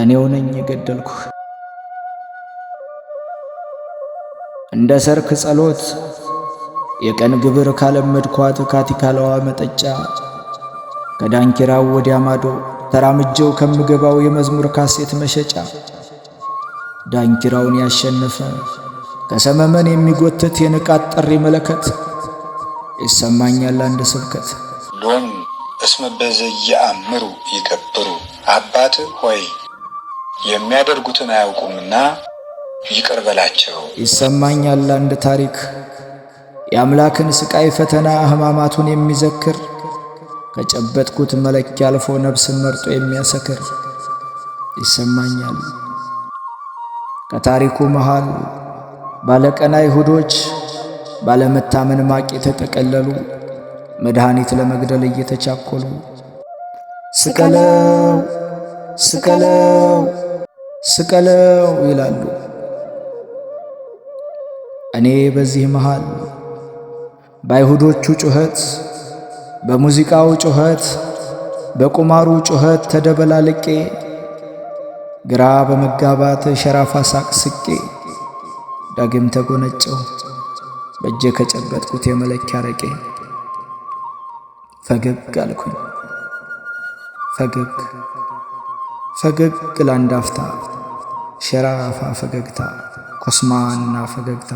እኔው ነኝ የገደልኩህ። እንደ ሰርክ ጸሎት የቀን ግብር ካለመድኳት ካቲካላዋ መጠጫ ከዳንኪራው ወዲያ ማዶ ተራምጀው ከምገባው የመዝሙር ካሴት መሸጫ ዳንኪራውን ያሸነፈ ከሰመመን የሚጎተት የንቃት ጥሪ መለከት ይሰማኛል አንድ ስብከት ሎም እስመ በዘ ይአምሩ ይገብሩ አባት ሆይ የሚያደርጉትን አያውቁምና ይቅር በላቸው። ይሰማኛል አንድ ታሪክ የአምላክን ስቃይ ፈተና ሕማማቱን የሚዘክር ከጨበጥኩት መለኪያ አልፎ ነፍስን መርጦ የሚያሰክር ይሰማኛል። ከታሪኩ መሃል ባለቀና ይሁዶች ባለመታመን ማቅ የተጠቀለሉ መድኃኒት ለመግደል እየተቻኮሉ ስቀለው ስቀለው ስቀለው ይላሉ። እኔ በዚህ መሃል በአይሁዶቹ ጩኸት፣ በሙዚቃው ጩኸት፣ በቁማሩ ጩኸት ተደበላልቄ ግራ በመጋባት ሸራፋ ሳቅ ስቄ ዳግም ተጎነጨው በእጄ ከጨበጥኩት የመለኪያ ረቄ ፈገግ አልኩኝ ፈገግ ፈገግ ላንዳፍታ ሸራፋ ፈገግታ ኮስማና ፈገግታ።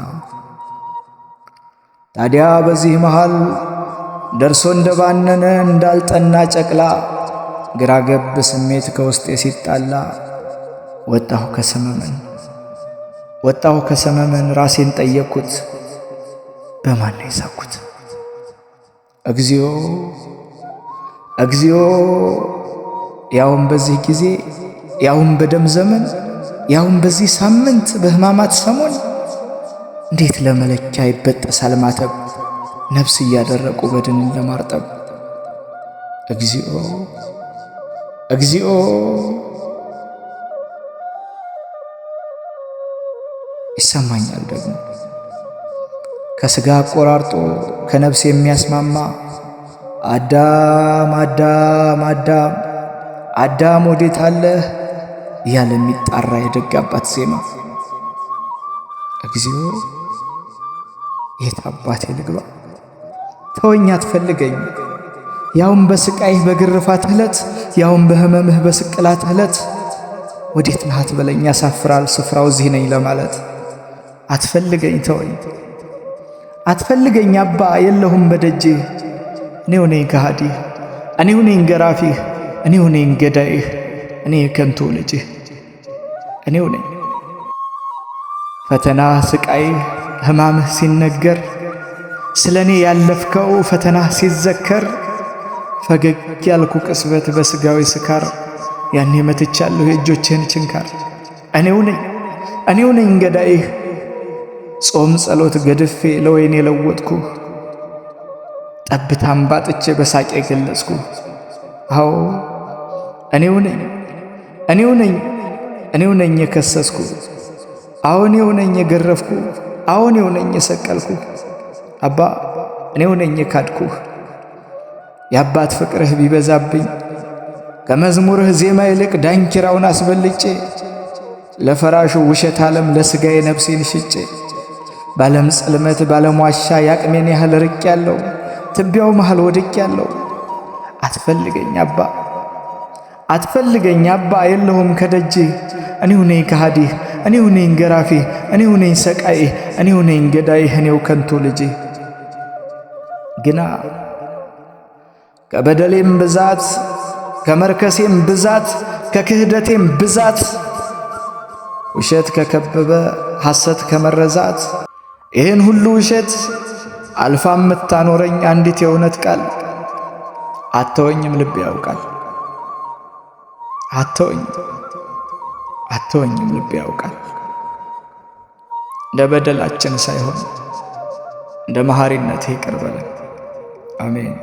ታዲያ በዚህ መሃል ደርሶ እንደባነነ እንዳልጠና ጨቅላ ግራ ገብ ስሜት ከውስጤ ሲጣላ ወጣሁ ከሰመመን ወጣሁ ከሰመመን ራሴን ጠየቅኩት በማን ነው የሳኩት? እግዚኦ እግዚኦ ያውም በዚህ ጊዜ ያውም በደም ዘመን ያውም በዚህ ሳምንት በሕማማት ሰሞን እንዴት ለመለኪያ ይበጠሳል ማተብ ነፍስ እያደረቁ በድንን ለማርጠብ እግዚኦ እግዚኦ ይሰማኛል ደግሞ ከሥጋ አቆራርጦ ከነፍስ የሚያስማማ አዳም አዳም አዳም አዳም ወዴት አለህ ያለ የሚጣራ የደግ አባት ዜማ እግዚኦ የት አባቴ ልግባ? ተወኝ አትፈልገኝ። ያውም በስቃይህ በግርፋት ዕለት፣ ያውም በህመምህ በስቅላት ዕለት ወዴት ናት አትበለኝ። ያሳፍራል ስፍራው እዚህ ነኝ ለማለት። አትፈልገኝ፣ ተወኝ፣ አትፈልገኝ አባ የለሁም በደጄ እኔው ነኝ ከሃዲህ፣ እኔው ነኝ ገራፊህ እኔው ነኝ ገዳይህ፣ እኔ የከንቱ ልጅህ እኔው ነኝ። ፈተና ስቃይ ሕማምህ ሲነገር ስለ እኔ ያለፍከው ፈተና ሲዘከር ፈገግ ያልኩ ቅስበት በሥጋዊ ስካር ያኔ መትቻለሁ የእጆችህን ችንካር። እኔው ነኝ እኔው ነኝ ገዳይህ ጾም ጸሎት ገድፌ ለወይን የለወጥኩ ጠብታም ባጥቼ በሳቄ ገለጽኩ አዎ እኔው ነኝ እኔው ነኝ እኔው ነኝ የከሰስኩ፣ አሁን እኔው ነኝ የገረፍኩ፣ አሁን እኔው ነኝ የሰቀልኩ፣ አባ እኔው ነኝ የካድኩህ። የአባት ፍቅርህ ቢበዛብኝ ከመዝሙርህ ዜማ ይልቅ ዳንኪራውን አስበልጬ ለፈራሹ ውሸት ዓለም ለሥጋዬ ነፍሴን ሽጬ ባለም ጸልመት ባለም ዋሻ ያቅሜን ያህል ርቄ ያለው ትቢያው መሃል ወድቅ ያለው አትፈልገኝ አባ አትፈልገኝ አባ የለሁም ከደጅ እኔው ነኝ ከሃዲህ፣ እኔው ነኝ ገራፊ እኔው ነኝ ሰቃይህ፣ እኔው ነኝ ገዳይ እኔው ከንቱ ልጅህ። ግና ከበደሌም ብዛት ከመርከሴም ብዛት ከክህደቴም ብዛት ውሸት ከከበበ ሐሰት ከመረዛት ይህን ሁሉ ውሸት አልፋ የምታኖረኝ አንዲት የእውነት ቃል አተወኝም ልብ ያውቃል። አተወኝ አተወኝም ልብ ያውቃል። እንደ በደላችን ሳይሆን እንደ መሐሪነት ይቅር በለን። አሜን።